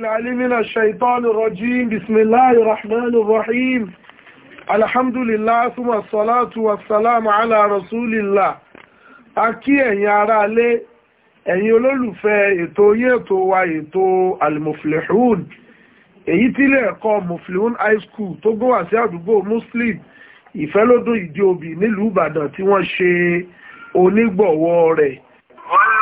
العلي من الشيطان الرجيم بسم الله الرحمن الرحيم الحمد لله ثم الصلاة والسلام على رسول الله akí ẹ̀yin ará lé ẹ̀yin olólùfẹ́ ètò yín ètò wa ètò almuflihun èyí tílé ẹ̀kọ́ muflihun high school tó gbówà sí àdúgbò muslim ìfẹ́lódún ìdí òbí nílùú ìbàdàn tí wọ́n ṣe onígbọ̀wọ́ rẹ̀. wọ́n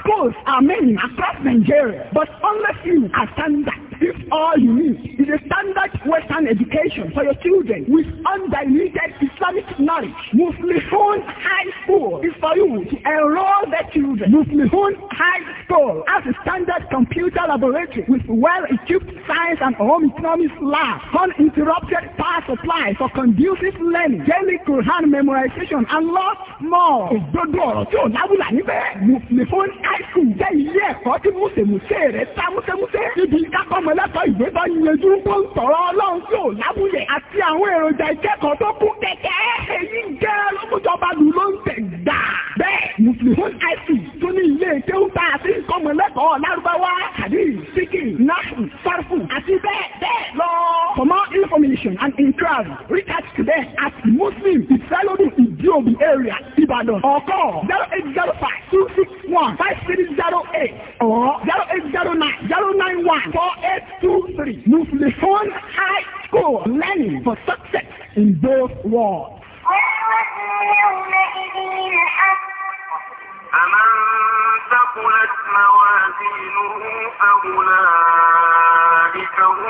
Schools are many across Nigeria, but unless you are that, it's all you need is a standard Western education for your children with undiluted Islamic knowledge. Muflihun High School is for you to enroll their children. Muflihun High School has a standard computer laboratory with well-equipped science and home economics lab, uninterrupted power supply for conducive learning, daily Quran memorization, and lots more. Òdodo ọ̀rọ̀ tí ò lábùlà níbẹ̀. Muflihun High School jẹ́ ilé ẹ̀kọ́ tí Mùsèmùsè rẹ̀ ta Mùsèmùsè. Ibi ìkákọ́mọlẹ́kọ̀ọ́ ìgbé bá yanjú ohun tó ń sọ̀rọ̀ ọlọ́run tí ò lábúyẹ̀ àti àwọn èròjà ìkẹ́kọ̀ọ́ tó kún kẹ̀kẹ́ èyí jẹ́ lọ́mújọba lù ló ń tẹ̀ gbà. bẹ́ẹ̀ mùsùlùmí àìsí tó ní ilé ìkéwù tá a lárúbáwá àdí síkì náàfù sárfù àti bẹ́ẹ̀ bẹ́ẹ̀ lọ. for more information and inquiry reach out to them at muslim ifelodu idiobi area ibadan or call zero eight zero five two six one five three zero eight or zero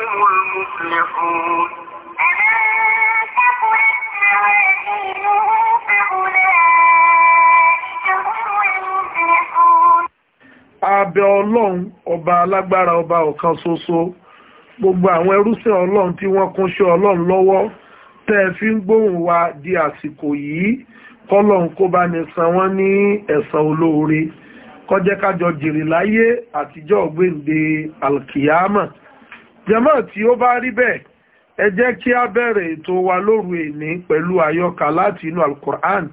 هم المفلحون فمن كفرت موازينه فأولئك هم المفلحون Abẹ Ọlọ́run ọba alágbára ọba ọ̀kan ṣoṣo gbogbo àwọn ẹrúsìn Ọlọ́run tí wọ́n kúnṣẹ́ Ọlọ́run lọ́wọ́ tẹ́ fi ń gbóhùn wa di àsìkò yìí kọ́lọ́run kó bá ní san wọ́n ní ẹ̀san olóore kó jẹ́ àtijọ́ ọ̀gbẹ́ǹde alkiyama jẹ́mọ́ tí ó bá rí bẹ́ẹ̀ ẹ jẹ́ kí a bẹ̀rẹ̀ ètò wa lóru èní pẹ̀lú àyọkà láti inú alukur'an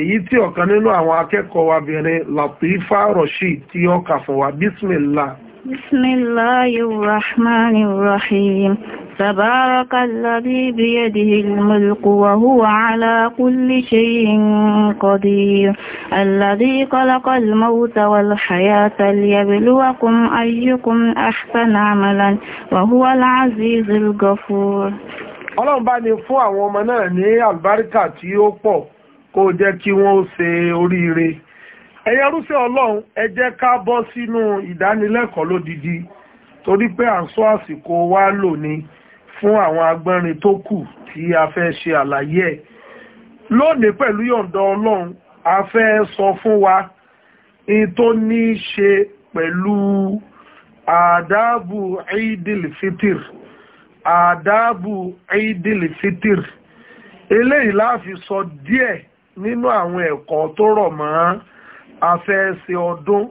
èyí tí ọ̀kan nínú àwọn akẹ́kọ̀ọ́ wa bìnrin Latifa Rashid tí ó kà fún wa bismillah. بسم الله الرحمن الرحيم تبارك الذي بيده الملك وهو على كل شيء قدير الذي خلق الموت والحياة ليبلوكم أيكم أحسن عملا وهو العزيز الغفور Ọlọ́run bá ní fún àwọn ọmọ náà ní àlùbáríkà tí ó pọ̀ kó jẹ́ kí wọ́n ó ṣe oríire ẹ̀yẹ rúfẹ́ ọlọ́run ẹ jẹ́ ká bọ́ sínú ìdánilẹ́kọ̀ọ́ lódidi torí pé à ń sọ àsìkò wa lò ní fún àwọn agbẹ́rin tó kù tí a fẹ́ ṣe àlàyé ẹ̀ lónìí pẹ̀lú yọ̀ǹda ọlọ́run a fẹ́ sọ fún wa in tó ní í ṣe pẹ̀lú àdábù idil fitir àdábù idil fitir eléyìí la fi sọ díẹ̀ nínú àwọn ẹ̀kọ́ tó rọ̀ mọ́ a fẹ́ ṣe ọdún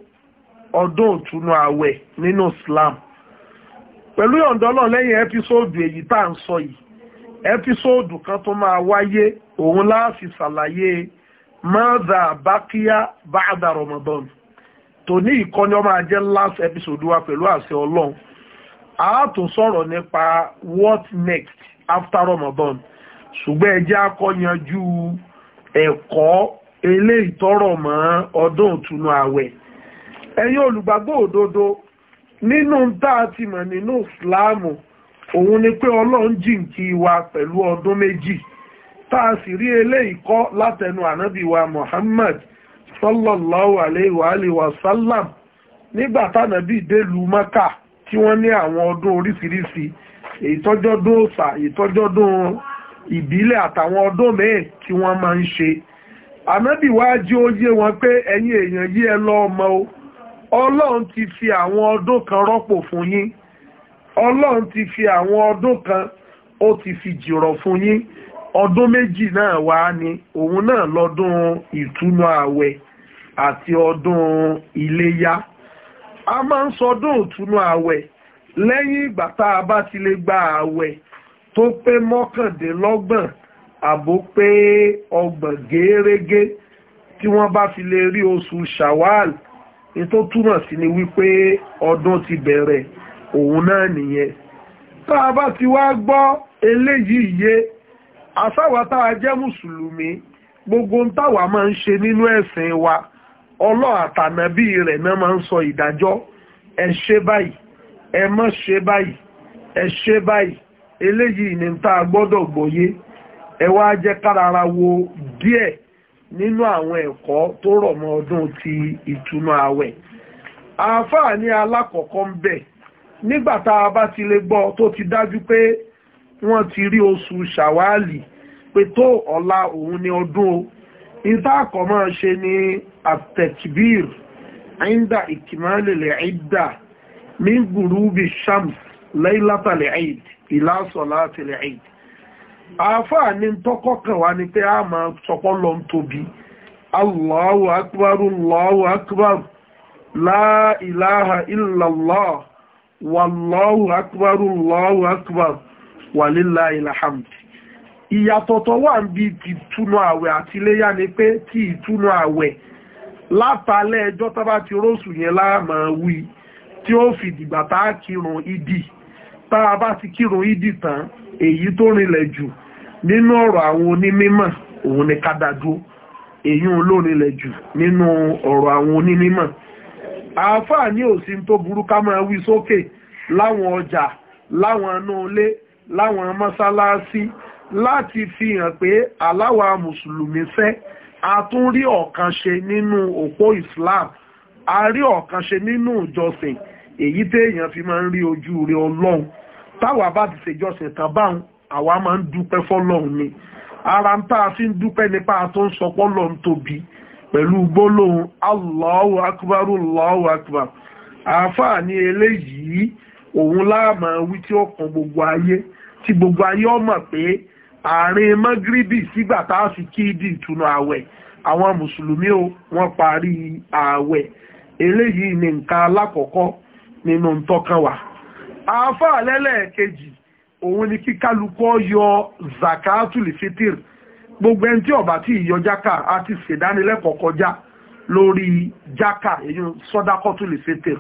ọdún ìtúnú ààwẹ̀ nínú slam. pẹ̀lú ìyọ̀ǹdọ́lọ́ lẹ́yìn ẹ́písòdù èyí tá à ń sọ yìí ẹ́písòdù kan tó máa wáyé òun la fi ṣàlàyé mọ́dà bákíyá báàdà Ramadan tòní ìkọ́ni ọmọ ajẹ́ last episode wa pẹ̀lú àṣẹ ọlọ́run a tún sọ̀rọ̀ nípa what next after Ramadan ṣùgbọ́n ẹ jẹ́ akọ́yanjú ẹ̀kọ́ ele ìtọ́rọ̀ mọ́ ọdún ìtúnú àwẹ̀ ẹ̀yin olùgbàgbọ́ òdodo nínú tá a ti mọ̀ nínú ìsìláàmù òun ni pé ọlọ́run jìnkí wa pẹ̀lú ọdún méjì tá rí látẹnu wa Muhammad sallallahu alayhi wa alayhi wa sallam nígbà tánàbí délùú Mẹ́kà tí wọ́n ní àwọn ọdún oríṣiríṣi ìtọ́jọ́dún òsà ìtọ́jọ́dún ìbílẹ̀ àtàwọn ọdún mẹ́ẹ̀ tí ànábì wá jí ó yé wọn pé ẹ̀yin èèyàn yí ẹ lọ ọmọ o ọlọ́run ti fi àwọn ọdún kan rọ́pò fún yín ọlọ́run ti fi àwọn ọdún kan ó ti fi jìrọ̀ fún yín ọdún méjì náà wá ní òun náà lọ́dún ìtúnú ààwẹ̀ àti ọdún iléyá a máa ń sọdún ìtúnú ààwẹ̀ lẹ́yìn ìgbà tá a bá ti lè gba ààwẹ̀ tó pé mọ́kàndínlọ́gbọ̀n àbó pé ọgbọ̀n géérégé tí wọ́n bá fi lè rí oṣù shawal ní tó túmọ̀ sí ni wípé ọdún ti bẹ̀rẹ̀ òun náà nìyẹn tá a bá ti wá gbọ́ eléyìí yé àsáwà tá a jẹ́ mùsùlùmí gbogbo ń táwa máa ń ṣe nínú ẹ̀sìn wa ọlọ́run àtànábì rẹ̀ náà máa ń sọ ìdájọ́ ẹ ṣe báyìí ẹ má ṣe báyìí ẹ ṣe báyìí eléyìí ni tá a gbọ́dọ̀ gbọ́yé ẹ wá jẹ́ kárara wo díẹ̀ nínú àwọn ẹ̀kọ́ tó rọ̀ mọ́ ọdún ti ìtúnú àwẹ̀ àáfàá ní alákọ̀ọ́kọ́ ń bẹ̀ nígbà tá a bá ti lè gbọ́ tó ti dájú pé wọ́n ti rí oṣù ṣàwálì pé tó ọ̀la òun ni ọdún o ìta àkọ́mọ́ ṣe ni àtẹ̀kìbír àìndà ìkìmọ́lẹ̀lẹ̀ àìdà min gurubi shams laylatal eid ila salatil eid afa ní tọ́kọ́ kan wá ni a máa sọpọ́ lọ́n tóbi Allahu akbar Allahu akbar la ilaha illallah wallahu akbar Allahu akbar walila alhamd iyatọtọ wa ń bi ti túnú àwẹ̀ àti iléyà ni pé àwẹ̀ ti róòsù yẹn láàmà wí tí ó tá a kírun èyí tó rinlẹ̀ jù nínú ọ̀rọ̀ àwọn onímímọ̀ òun ni ká dádúró èyí ló rinlẹ̀ jù nínú ọ̀rọ̀ àwọn onímímọ̀ àáfàá ní òsín tó burú ká máa wí sókè láwọn ọjà láwọn inú ilé láwọn mọ́sálásí láti fi hàn pé aláwa mùsùlùmí fẹ́ a tún rí ọ̀kan ṣe nínú òpó Islam a rí ọ̀kan ṣe nínú ìjọsìn èyí téèyàn fi máa ń rí ojú rẹ Ọlọ́run táwa bá ti ṣèjọsìn tán báwọn àwa máa ń dúpẹ́ fọ́lọ́run ni ara ń tá a fi ń dúpẹ́ nípa tó ń sọpọ́ lọ́n tóbi pẹ̀lú gbólóhùn Allahu akbar Allahu akbar àáfàá ní eléyìí òun láàmà wí tí ó kan gbogbo ayé tí gbogbo ayé ó mọ̀ pé àárín mọ́gíríbì sígbà tá a fi kíìdì ìtùnú ààwẹ̀ àwọn mùsùlùmí o wọ́n parí ààwẹ̀ eléyìí ni nǹkan alákọ̀ọ́kọ́ nínú ntọ́kan àáfàá lẹ́lẹ́ẹ̀kejì òun ni kíkálukọ́ yọ zakatul fitir gbogbo ẹni tí ọba tí ìyọ jáka àti ṣèdánilẹ́kọ̀ọ́ kọjá lórí jáka èyí sọ́dákọ́tul fitir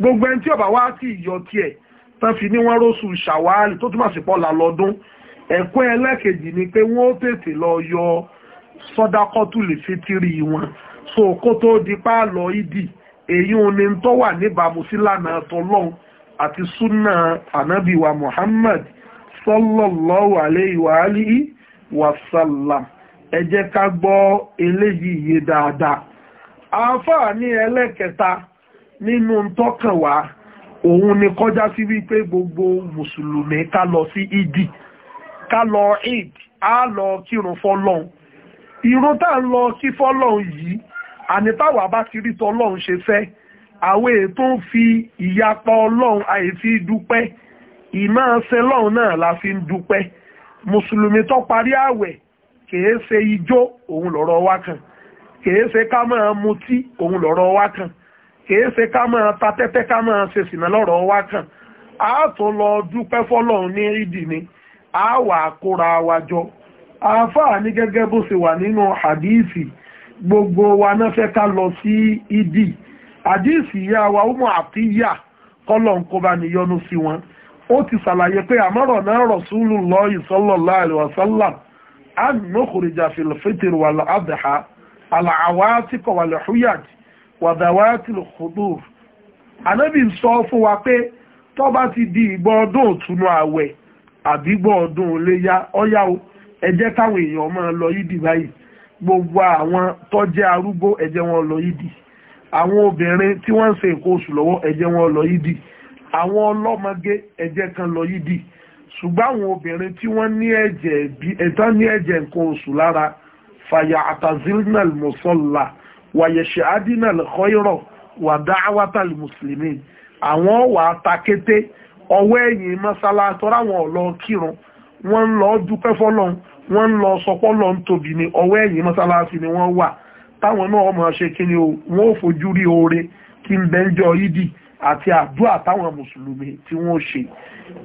gbogbo ẹni tí ọba wá sí ìyọ tiẹ̀ tán fi ní wọ́n róṣù ṣàwálì tó túmọ̀ sí pọ́lá lọ́dún ẹ̀kọ́ ẹlẹ́kejì ni pé wọ́n tètè lọ yọ sọ́dákọ́tul fitiri wọn so kó tó di páàlọ́ ìdì èyí òun ni tó wà níbàámu sí lánàá tọ́lọ́hún àti súnà ànábìwà Muhammad sallallahu alayhi wa alihi wa sallam ẹ jẹ́ ká gbọ́ eléyìí yé dáadáa àáfàá ní ẹlẹ́kẹta nínú tọ́kàn wá òun ni kọjá sí wípé gbogbo mùsùlùmí ká lọ sí ìdí ká lọ ìd á lọ kírun fọ́lọ́hun irun tá lọ kí fọ́lọ́hun yìí àní táwa bá ti rí tọ́lọ́hun ṣe fẹ́ àwọn ètò ń fi ìyapa ọlọ́run àìfi dúpẹ́ ìmọ̀ ṣe lọ́run náà la fi ń dúpẹ́ mùsùlùmí tó parí ààwẹ̀ kìí ṣe ijó òun lọ́rọ̀ wá kan kìí ṣe ká máa mutí òun lọ́rọ̀ wá kan kìí ṣe ká máa ta tẹ́tẹ́ ká máa ṣe sìnà lọ́rọ̀ wá kan a tún lọ dúpẹ́ fọlọ́run ní ìdí ni a wà kóra wa jọ àáfàá ní gẹ́gẹ́ bó ṣe wà nínú hadithi gbogbo wa náà fẹ́ ká lọ sí ìdí àdíìsì ìyá wa ọmọ àtìyà kọ́lọ̀ ń kó bá ní yọnu sí wọn ó ti ṣàlàyé pé àmọ́rọ̀ náà Rasulullah sallallahu alaihi wasallam an nukhrija fil fitr wal adha al-awatiq wal huyaj wa dhawatil khudur anábì sọ fún wa pé tó bá ti di ìgbọ́ ọdún òtúnú àwẹ̀ àbígbọ́ ọdún léyá ọyá o ẹ jẹ́ èèyàn máa lọ yídì báyìí gbogbo àwọn tó arúgbó ẹ wọn lọ yídì àwọn obìnrin tí wọ́n ń ṣe nǹkan oṣù lọ́wọ́ ẹ jẹ́ wọn lọ yídì àwọn ọlọ́mọge ẹ jẹ́ kan lọ yídì ṣùgbọ́n àwọn obìnrin tí wọ́n ní ẹ̀jẹ̀ bí ẹ̀tàn ní ẹ̀jẹ̀ nǹkan oṣù lára fàyà àtàzínà mùsọ̀là wàyẹ̀ṣẹ̀ àdínà lẹ́kọ́ìrọ̀ wà dáhàwátà mùsùlùmí àwọn wà á ta kété ọwọ́ ẹ̀yìn mọ́sálásí tọ́ra wọn ò kírun wọ́n ń lọ dúpẹ́ fọ́lọ́n wọ́n ń lọ sọpọ́lọ́ ń tóbi ní ọwọ́ ẹ̀yìn mọ́sálásí ni wọ́n wà táwọn náà ọmọ ṣe kí ni wọ́n ò fojú rí oore kí n bẹ́ ń jọ ìdí àti àdúrà táwọn mùsùlùmí tí wọ́n ṣe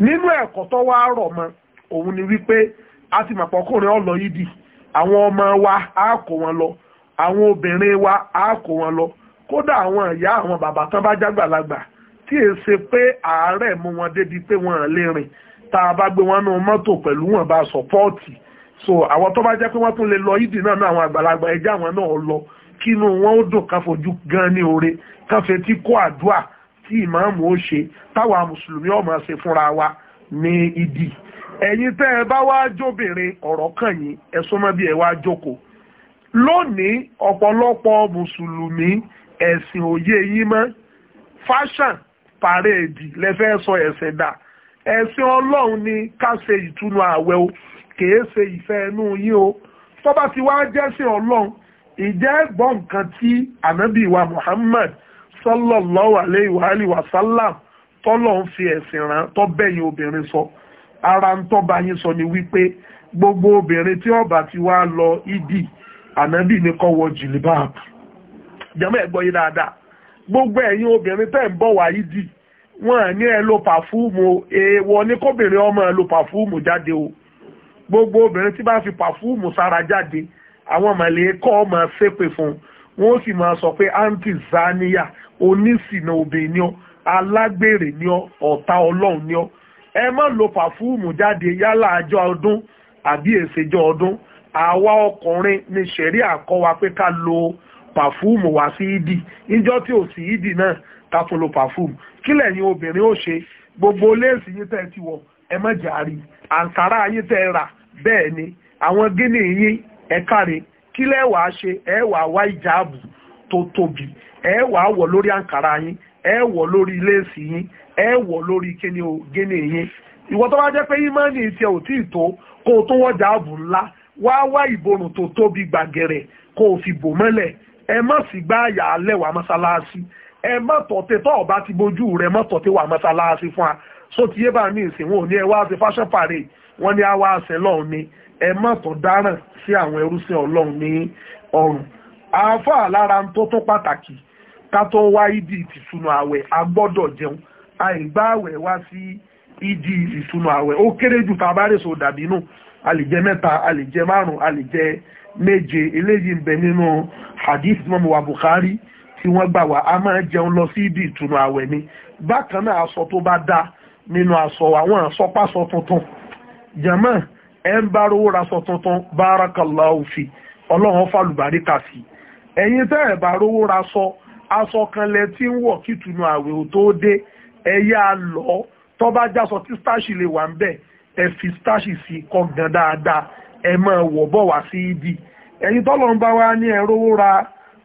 nínú ẹ̀kọ́ tó wá rọ̀ mọ́ òun ni wípé a ti mọ̀ pọ́kùnrin ọlọ ìdí àwọn ọmọ wa á kó wọn lọ àwọn obìnrin wa á kó wọn lọ kódà àwọn ìyá àwọn bàbá tán bá jágbàlagbà tí è ṣe pé àárẹ̀ mú wọn débi pé wọn lè rìn tá a bá gbé wọn nú mọ́tò pẹ̀lú wọn bá sọ̀pọ́ọ̀tì so àwọn tó bá jẹ́ pé wọ́n tún lè lọ yídì náà náà àwọn àgbàlagbà ẹjẹ́ àwọn náà lọ kínú wọn ó dùn kan fojú gan ní oore kan fetí kó àdúà tí ìmáàmù ó ṣe táwa mùsùlùmí ọmọ ṣe fúnra wa ní ìdí ẹ̀yin tẹ́ ẹ bá wá jóbìnrin ọ̀rọ̀ kàn yín ẹ súnmọ́ bí ẹ wá jókòó lónìí ọ̀pọ̀lọpọ̀ mùsùlùmí ẹ̀sìn òye yín mọ́ fashion parade lẹ́fẹ́ sọ ẹ̀sẹ̀ dà ẹ̀sìn ọlọ́run ni ká ṣe ìtúnu ààwẹ̀ o kèé ṣe ìfẹ́ ẹnu yín o tó bá ti wá jẹ́sìn ọlọ́run ìjẹ́ gbọ́ nǹkan tí ànábì wa Muhammad sallallahu alayhi wa alihi wa sallam tọ́lọ̀ ń fi ẹ̀sìn rán tó bẹ́yìn obìnrin sọ ara ń tọ́ba yín sọ ni wípé gbogbo obìnrin tí ọba bá ti wá lọ ìdí ànábì ní kó wọ jìlìbáàbù jẹ́mọ́ ẹ̀ gbọ́ yín dáadáa gbogbo ẹ̀yin obìnrin tẹ́ ń bọ̀ wá ìdí wọ́n ní ẹ lo pàfúùmù èèwọ̀ ní kóbìnrin ọmọ ẹ lo pàfúùmù jáde o gbogbo obìnrin tí bá fi pàfúùmù sára jáde àwọn mọ̀lẹ́ kọ́ ọmọ ṣépè fún wọn ó sì máa sọ pé aunty zaniya onísìnà obìnrin ni ọ alágbèrè ni ọ ọ̀tá ọlọ́run ni ọ ẹ má lo pàfúùmù jáde yálà àjọ ọdún àbí èsèjọ ọdún àwa ọkùnrin ni ṣẹ̀rí àkọ́ wa pé ká lo pàfúùmù wá sí ìdì níjọ́ tí ò sí ìdì náà ká tó lo pàfúùmù kílẹ̀ yín obìnrin ó ṣe gbogbo léèsì yín tẹ́ ẹ ti wọ̀ ẹ má jàrí àǹkárá yín tẹ́ ẹ rà bẹ́ẹ̀ ni àwọn gíní yín ẹ̀ka rè kí lẹ́wàá ṣe ẹ wà wá ìjáàbù tó tóbi ẹ wà wọ̀ lórí àǹkàrà yín ẹ wọ̀ lórí léèsì yín ẹ wọ̀ lórí kíni o gíní yín ìwọ tó bá jẹ́ pé ìmánì tiẹ̀ ò tí ì tó kó o tó wọ́n jáàbù ńlá wá wá ìborùn tó tóbi gbàgẹ̀rẹ̀ kó o fi bò mọ́lẹ̀ ẹ má sì gbá àyà alẹ́ mọ́sálásí ẹ má tọ̀tẹ̀ tọ́ ọ̀bá ti bójú rẹ má tọ̀tẹ̀ wà mọ́sálásí fún wa sótìyé bá mi ìsìn wọn ò ní ẹ wá ṣe fashion parade wọ́n ní àwa àṣẹ lọ́run ni ẹ má dáràn sí àwọn ẹrúsìn ọlọ́run ní ọrùn àáfà lára tó tó pàtàkì ká wá ìdí ìtìsúnú àwẹ̀ a gbọ́dọ̀ jẹun àìgbá àwẹ̀ wá sí ìdí ìtìsúnú àwẹ̀ ó kéré jù tá a bá rèso dàbí nù a lè jẹ mẹ́ta a lè jẹ márùn a lè jẹ méje eléyìí ń bẹ nínú hadith mọ́mọ́ wa Bukhari tí wọ́n gbà wá a máa jẹun lọ sí ìdí ìtùnú àwẹ̀ ni bákan náà aṣọ tó bá dá nínú aṣọ àwọn àṣọpáṣọ tuntun jama ẹ ń bá rówó raṣọ tuntun barakallahu fi ọlọ́run fàlùbáríkà sí ẹ̀yin tẹ́ ẹ̀ bá rówó raṣọ aṣọ kan lẹ tí ń wọ̀ kìtùnú àwẹ̀ ò tó dé ẹ yá lọ tó bá jásọ tí stáṣì lè wà ń bẹ̀ ẹ fi stáṣì sí gan dáadáa ẹ máa wọ̀ bọ̀ wá sí ibi ẹ̀yin tọ́lọ́run bá wá ní ẹ rówó ra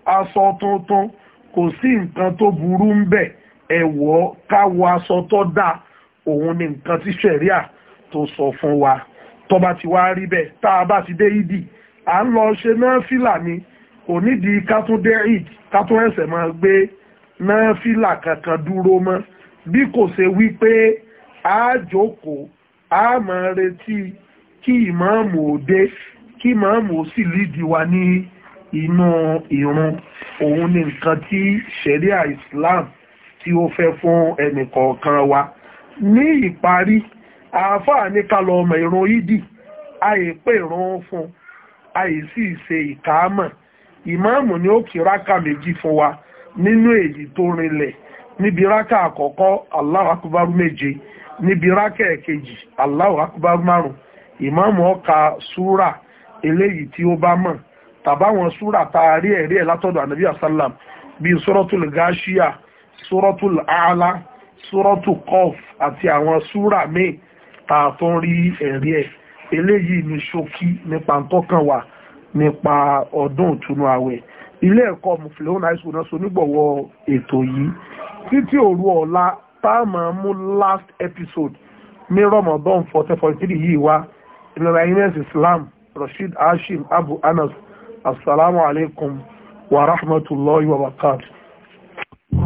aṣọ tuntun kò sí nǹkan tó burú ń bẹ̀ ẹ̀wọ́ káwọ aṣọ tó da òun ni nǹkan tí ṣẹ̀ríà tó sọ fún wa tó bá ti wá rí bẹ́ẹ̀ tá a bá ti dé ìdí à ń lọ ṣe náà fìlà ni kò nídìí ká tún dé ìdí ká tún ẹsẹ̀ gbé náà fìlà kankan dúró mọ́ bí kò ṣe wí pé a jókòó a máa retí kí ìmáàmù òde kí ìmáàmù ó sì lídìí wa ní inú ìrun òun ni nǹkan tí ṣẹ̀ríà Islam tí ó fẹ́ fún ẹnìkọ̀ọ̀kan wa ní ìparí àáfàá ní ká lọ ọmọ ìrun yídì àìpé ìrun fún àìsí ìṣe ìkáàmọ̀ ìmáàmù ni ó kí rákà méjì fún wa nínú èyí tó rinlẹ̀ níbi rákà àkọ́kọ́ Allahu akbar méje níbi rákà ẹ̀kejì Allahu akbar márùn ìmáàmù ó ka súrà eléyìí tí ó bá mọ̀ tàbáwọn súrà tá rí ẹ̀rí ẹ̀ látọ̀dọ̀ ànábì àsálàm bíi suratul gáṣíà suratul àlá suratul kọf àti àwọn súrà míì tá a tó ń rí ẹ̀rí ẹ̀ eléyìí ni ṣókí nípa ntọ́kàn wa nípa ọdún ìtúnu ààwẹ̀ ilé ẹ̀kọ́ mufleon high school náà sonígbọ̀wọ́ ètò yìí títí òru ọ̀la tá a máa mú last episode ní Ramadan fourteen forty three yìí wá ìlànà inés Islam Rasheed Hashim Abu Anas assalamu asalaamualeykum wa rahmatulahi wa barakatuh.